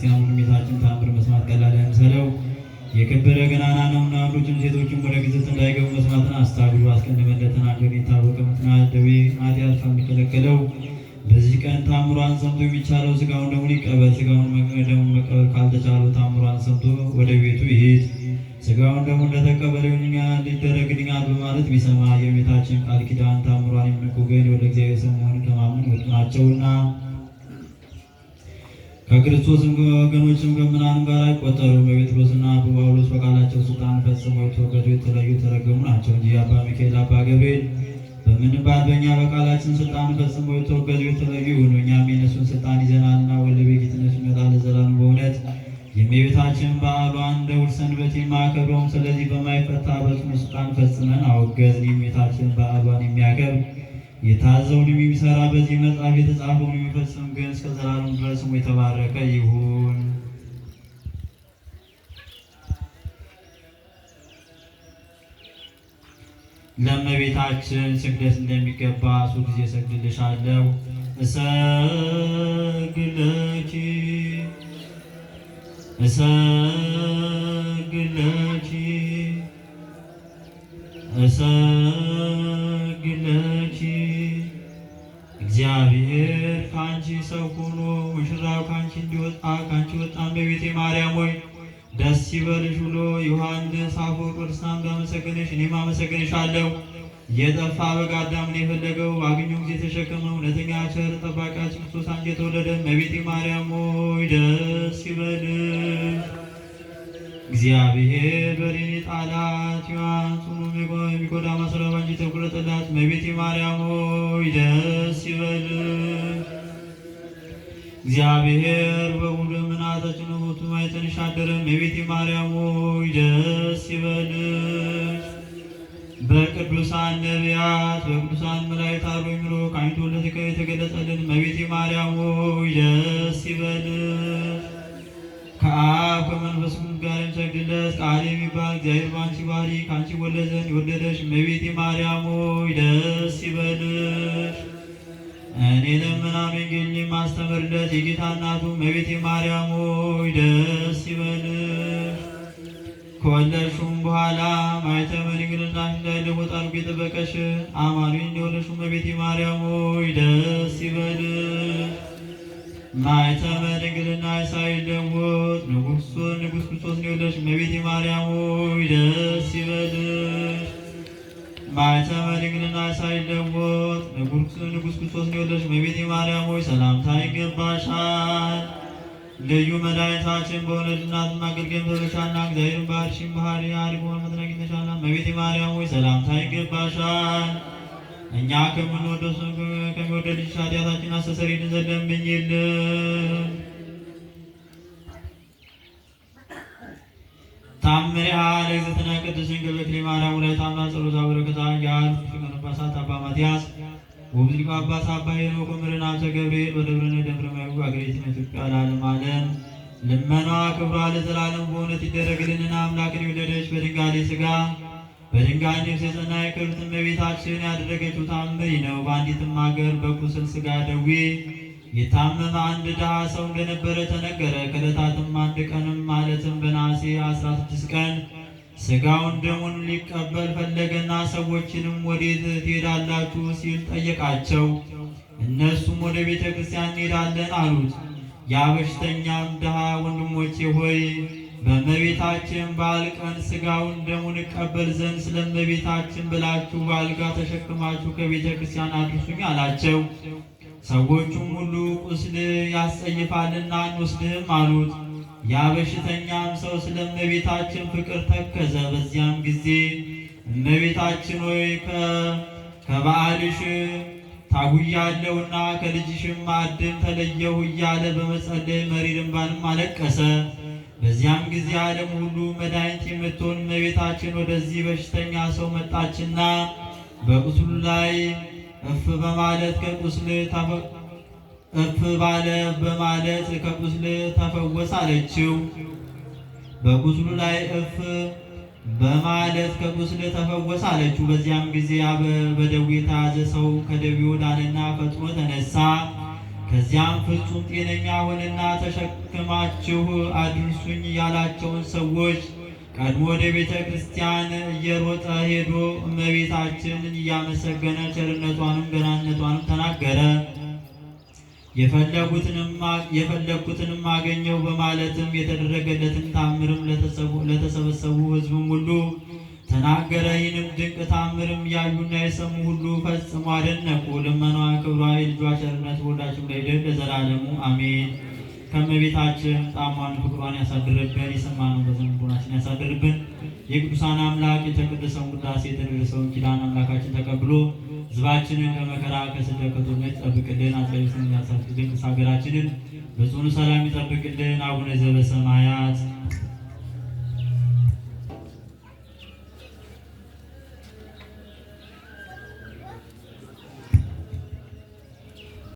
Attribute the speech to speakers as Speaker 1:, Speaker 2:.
Speaker 1: ክርስቲያኑ ጌታችን ተአምር መስማት ቀላል ያምሰለው የከበረ ገናና ነውና ወንዶችም ሴቶችም ወደ ግዝት እንዳይገቡ መስማትን አስታግሉ። አስቀድመለትን አንዱን የታወቀ ምክንያት ደዌ ማት ያልፋ የሚከለከለው በዚህ ቀን ታምሯን ሰምቶ የሚቻለው ስጋውን ደሙን ይቀበል። ስጋውን ደሙን መቀበል ካልተቻለው ታምሯን ሰምቶ ወደ ቤቱ ይሄድ። ስጋውን እንደተቀበለ ኛ ለተቀበለው ሊደረግልኛል በማለት ቢሰማ የቤታችን ቃል ኪዳን ታምሯን የምንኮገን ወደ እግዚአብሔር ሰው መሆኑን ከማመን ወጡ ከክርስቶስም ወገኖችም ከምናንም ጋር አይቆጠሩም። በጴጥሮስና በጳውሎስ በቃላቸው ስልጣን ፈጽመው የተወገዱ የተለዩ የተረገሙ ናቸው እንጂ አባ ሚካኤል፣ አባ ገብርኤል በምንባል በእኛ በቃላችን ስልጣን ፈጽመው የተወገዱ የተለዩ ይሁኑ። እኛም የነሱን ስልጣን ይዘናልና ወደ ቤጌትነት ይመጣ ለዘላለም በእውነት የእመቤታችን በዓሏን እንደ ውድ ሰንበት የማያከብረውም ስለዚህ በማይፈታ በጽኑ ስልጣን ፈጽመን አወገዝን። የእመቤታችን በዓሏን የሚያከብር የታዘውን የሚሰራ በዚህ መጽሐፍ የተጻፈውን የሚፈጽም ግን እስከ ዘላለም ድረስ ስሙ የተባረከ ይሁን። ለእመቤታችን ስግደት እንደሚገባ ሱ ጊዜ ሰግድልሻለሁ እሰግለች እሰግለች ሆኖ ሙሽራው ካንቺ እንዲወጣ ካንቺ ወጣ እመቤቴ ማርያም ሆይ ደስ ይበልሽ ብሎ ዮሐንስ አፈወርቅ ቅዱሳን ባመሰገነሽ እኔም አመሰግንሻለሁ። የጠፋ በግ አዳምን የፈለገው ባገኘው ጊዜ ተሸከመው እውነተኛ ቸር ጠባቂያችን ክርስቶስ አንቺ የተወለደ እመቤቴ ማርያም ሆይ ደስ ይበልሽ። እግዚአብሔር በሬኔ ጣላት ዮሐንስ የሚጎዳ ማሰሮ ባንቺ የተቆረጠላት እመቤቴ ማርያም ሆይ ደስ እግዚአብሔር በሙሉ ምናተ ጭንሁቱ ማይተንሽ አደረም የቤቴ ማርያም ሆይ ደስ ይበልሽ። በቅዱሳን ነቢያት በቅዱሳን መላእክት አሉ ምሎ ቃኝቶ የተገለጸልን መቤቴ ማርያም ሆይ ደስ ይበልሽ። ከአብ ከመንፈስ ቅዱስ ጋር እንሰግድለት ቃል የሚባል እግዚአብሔር ባንቺ ባህሪ ከአንቺ ወለዘን የወለደሽ መቤቴ ማርያም ሆይ ደስ ይበልሽ። እኔንም ምናምንግኝ ማስተምርለት የጌታ እናቱ መቤቴ ማርያም ሆይ ደስ ይበል። ከወለድሽም በኋላ ማኅተመ ድንግልናሽ እንዳይለወጥ አድርጎ የጠበቀሽ አማኑኝ እንደሆነሽ መቤቴ ማርያም ሆይ ደስ ይበል። ማኅተመ ድንግልናሽ ሳይለወጥ ንጉሥ ክርስቶስን የወለድሽ መቤቴ ማርያም ሆይ ደስ ይበል። ባይተመ ድንግልና ሳይለወጥ ንጉሥ ክርስቶስን የወለደች እመቤቴ ማርያም ሆይ ሰላምታ ይገባሻል። ልዩ መድኃኒታችን በሆነች እናት ማገልገል ተብለሻልና እግዚአብሔርን ባህርሽን ባህሪ አሪፍ ሆነ መትናግኝተሻልና እመቤቴ ማርያም ሆይ ሰላምታ ይገባሻል። እኛ ከምንወደሱ ከሚወደድ ልጅሽ አስተሰሪ እንዘለምኝልን ታምሪሃ ለእግዝእትነ ቅድስት ድንግል በክለ ማርያም ወላዲተ አምላክ ጸሎታ በረከታ ያል ፍቅር ባሳት አባ ማትያስ ወብዚቅ አባስ አባ ሄኖክ ምርና አብተ ገብርኤል በደብረነ ደብረ ማይጉ አገሬት ኢትዮጵያ ለዓለም ዓለም ልመኗ ክብሯ ለዘላለም በእውነት ይደረግልንና አምላክን የወለደች በድንጋሌ ስጋ በድንጋሌ ነፍስ የጸናች የክብርት እመቤታችን ያደረገችው ታምሪ ነው። በአንዲትም ሀገር በቁስል ስጋ ደዌ የታመመ አንድ ድሃ ሰው እንደነበረ ተነገረ። ከዕለታትም አንድ ቀንም ማለትም በነሐሴ አስራ ቀን ስጋውን ደሙን ሊቀበል ፈለገና ሰዎችንም ወዴት ትሄዳላችሁ ሲል ጠየቃቸው። እነሱም ወደ ቤተ ክርስቲያን እንሄዳለን አሉት። ያ በሽተኛም ድሃ ወንድሞቼ ሆይ በእመቤታችን በዓል ቀን ስጋውን ደሙን እቀበል ዘንድ ስለ እመቤታችን ብላችሁ በአልጋ ተሸክማችሁ ከቤተ ክርስቲያን አድርሱኝ አላቸው። ሰዎቹም ሁሉ ቁስል ያስጸይፋልና አንወስድህም አሉት። ያ በሽተኛም ሰው ስለ እመቤታችን ፍቅር ተከዘ። በዚያም ጊዜ እመቤታችን ሆይ ከባዕልሽ ታጉያለውና ከልጅሽም ማዕድን ተለየሁ እያለ በመጸለይ መሪር እንባንም አለቀሰ። በዚያም ጊዜ ዓለም ሁሉ መድኃኒት የምትሆን እመቤታችን ወደዚህ በሽተኛ ሰው መጣችና በቁስሉ ላይ እፍ በማለት ቅዱስ እፍ ባለ በማለት ከቁስል ተፈወሰ አለችው። በቁስሉ ላይ እፍ በማለት ከቁስል ተፈወሰ አለችው። በዚያም ጊዜ በደዌ የተያዘ ሰው ከደዌው ዳነና ፈጥኖ ተነሳ። ከዚያም ፍጹም ጤነኛ ሆነና ተሸክማችሁ አድርሱኝ ያላቸውን ሰዎች ቀድሞ ወደ ቤተ ክርስቲያን እየሮጠ ሄዶ እመቤታችንን እያመሰገነ ቸርነቷንም ገናነቷንም ተናገረ። የፈለግኩትንም አገኘው በማለትም የተደረገለትን ታምርም ለተሰበሰቡ ሕዝብም ሁሉ ተናገረ። ይህንም ድንቅ ታምርም ያዩና የሰሙ ሁሉ ፈጽሞ አደነቁ። ልመኗ፣ ክብሯ፣ የልጇ ቸርነት በሁላችን ላይ ለዘላለሙ አሜን። ከእመቤታችን ጣሟን ክብሯን ያሳድርብን፣ የሰማነው በዘንቦናችን ያሳድርብን። የቅዱሳን አምላክ የተቀደሰውን ቅዳሴ የተደረሰውን ኪዳን አምላካችን ተቀብሎ ሕዝባችንን ከመከራ ከስደት ከጦርነት ይጠብቅልን። አጽቀ ሀገራችንን በጽኑ ሰላም ይጠብቅልን። አቡነ ዘበሰማያት